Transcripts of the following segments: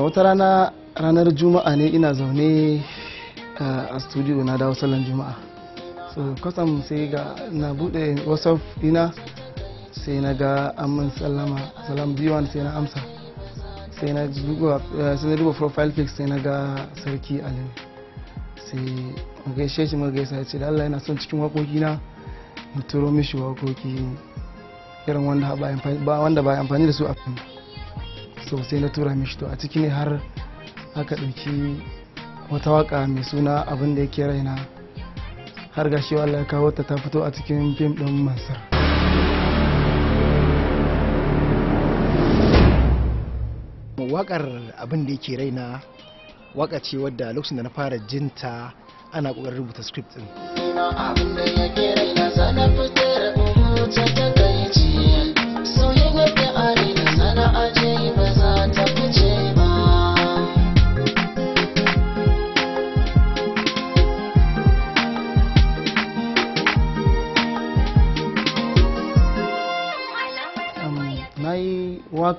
wata rana ranar juma'a ne ina zaune eh, a studio na dawo sallan juma'a so kasam sai ga na bude whatsapp dina sai na ga an salama salam biyu sai na amsa sai na duba eh, profile pics sai na ga sarki ali sai mu gaishe shi mu ya ce da Allah yana son cikin wakoki na mu turo mishi wakoki irin wanda ba amfani da su a fim so sai na tura mishi to a ciki ne har aka ɗauki wata waka mai suna abin da yake raina har gashi Allah ya kawo ta ta fito a cikin fim ɗin masar. wakar abin da yake raina waka ce wadda lokacin da na fara jinta ana kokarin rubuta script din abin da yake raina sana fitar ta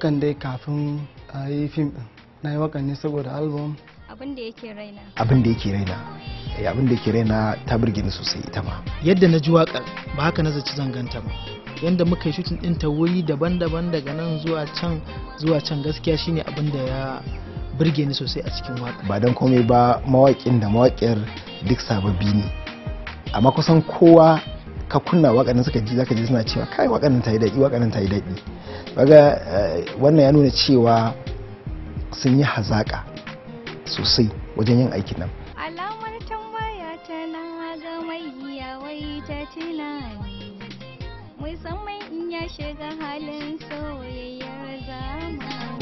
wakan dai kafin a yi fim din na yi wakan ne saboda album abin da yake raina abin da yake raina eh, ta birge ni sosai ita ma yadda na ji wakar ba haka na zaci zanganta ba yadda muka yi ɗin ta wuri daban-daban daga nan zuwa can zuwa can gaskiya shine abin da ya birge ni sosai a cikin waka ba don komai ba mawaƙin da mawaƙiyar duk sababbi ne amma kusan kowa ka kunna waƙanin suka ji zaka ji suna cewa kai waƙanin ta yi daɗi waƙanin ta yi daɗi kaga eh, wannan ya nuna cewa sun yi hazaƙa sosai wajen yin aikin nan alamar tambaya ta na ga mai wai ta tunani musamman in ya shiga halin soyayyar zama.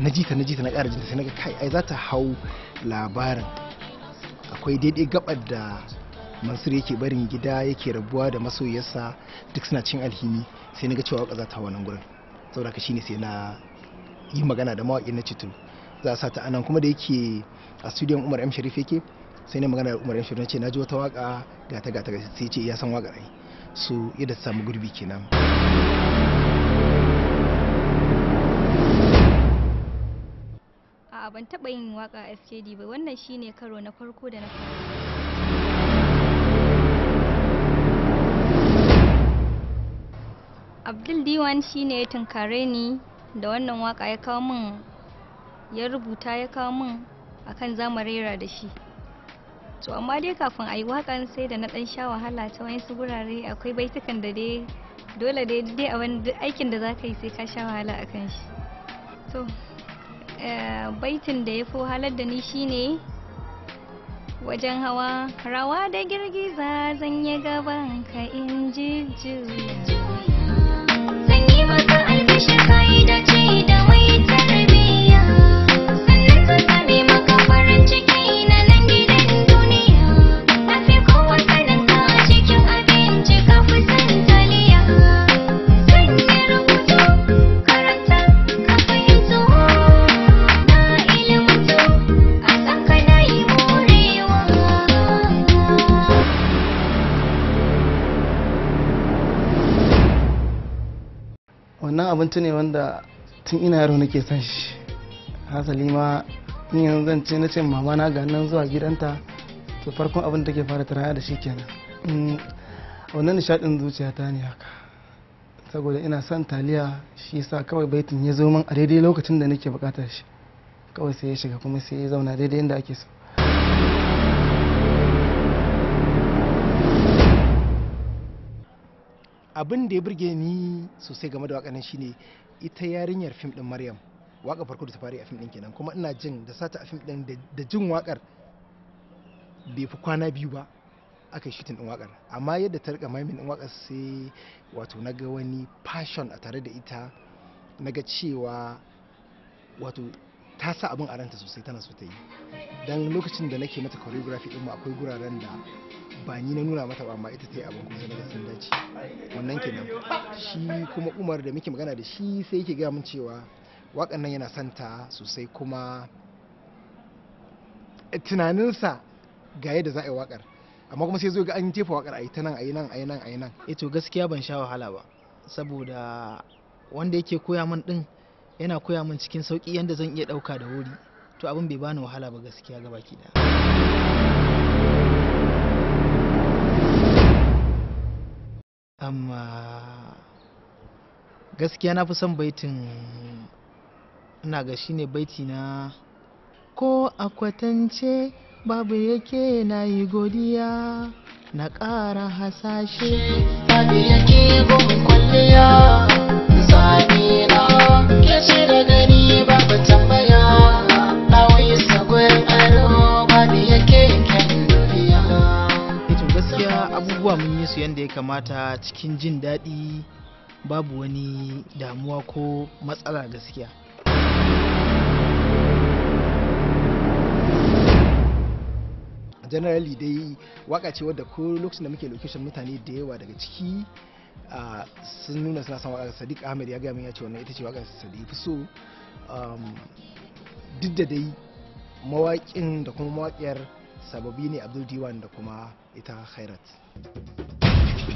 na jita na jita na kara jinta sai na ga kai ai za ta hau labarin akwai daidai gabar da mansur yake barin gida yake rabuwa da masoyarsa duk suna cin alhini sai na ga cewa za ta wannan gurin saboda ka shine sai na yi magana da mawaƙi na citu za a sa ta anan kuma da yake a studio umar m sharif yake sai na magana da umar m sharif na ce na ji wata waka gata gata sai ce ya san waka ai su yadda ta samu gurbi kenan a'a ban taɓa yin waka a skd ba wannan shine karo na farko da na fara abdul diwan shine ya tunkare ni da wannan waka ya kawo min ya rubuta ya kawo min akan zama rera da shi to amma dai kafin a yi sai da na ɗan sha wahala ta su gurare akwai baitukan da dai dole dai dai a wani aikin da za ka yi sai ka sha wahala akan shi Eh, baitin da ya fi halar da ni shine wajen hawa rawa da girgiza zan yi gaban ka in jujjuya wannan abinci ne wanda tun ina yaro nake son shi hasali ma in yanzu zan ce na ce mama na ga nan zuwa gidanta to farkon abin da ke fara taraya da shi kenan mm, wannan nishadin zuciya ta ne haka saboda ina son taliya shi sa kawai baitin ya zo min a daidai lokacin da nake bukatar shi kawai sai ya shiga kuma sai ya zauna daidai inda ake so abin da ya burge ni sosai game da waƙa nan shine ita yarinyar fim din maryam waka farko da ta fara a fim din kenan kuma ina jin da sata a fim din da jin wakar bai fi kwana biyu ba aka yi shooting din wakar amma yadda ta rika maimin din wakar sai wato na wani passion a tare da ita na cewa wato ta sa abin a ranta sosai tana so ta yi don lokacin da nake mata choreography din mu akwai guraren da ba ni na nuna mata ba amma ita ta yi abin kuma daga sun dace wannan kenan shi kuma umar da muke magana da shi sai yake gaya mun cewa wakan nan yana santa sosai kuma tunaninsa ga yadda za a yi wakar amma kuma sai zo ga an jefa wakar a yi ta nan a yi nan a yi nan a nan eh to gaskiya ban sha wahala ba saboda wanda yake koya min din yana koya min cikin sauki yadda zan iya dauka da wuri to abin bai bani wahala ba gaskiya ga baki daya amma gaskiya na fi son baitin ina ga ne baiti na ko a kwatance babu yake na yi godiya na ƙara hasashe babu yake gwamnan kwalliya su yadda ya kamata cikin jin daɗi babu wani damuwa ko matsala gaskiya generally dai waka ce wadda ko lokacin da muke location mutane da yawa daga ciki sun nuna suna son waka sadiq ahmed ya gaya min ya ce wannan ita ce wakar sadiq so duk da dai mawaƙin da kuma mawaƙiyar sababi ne abdul diwan da kuma ita khairat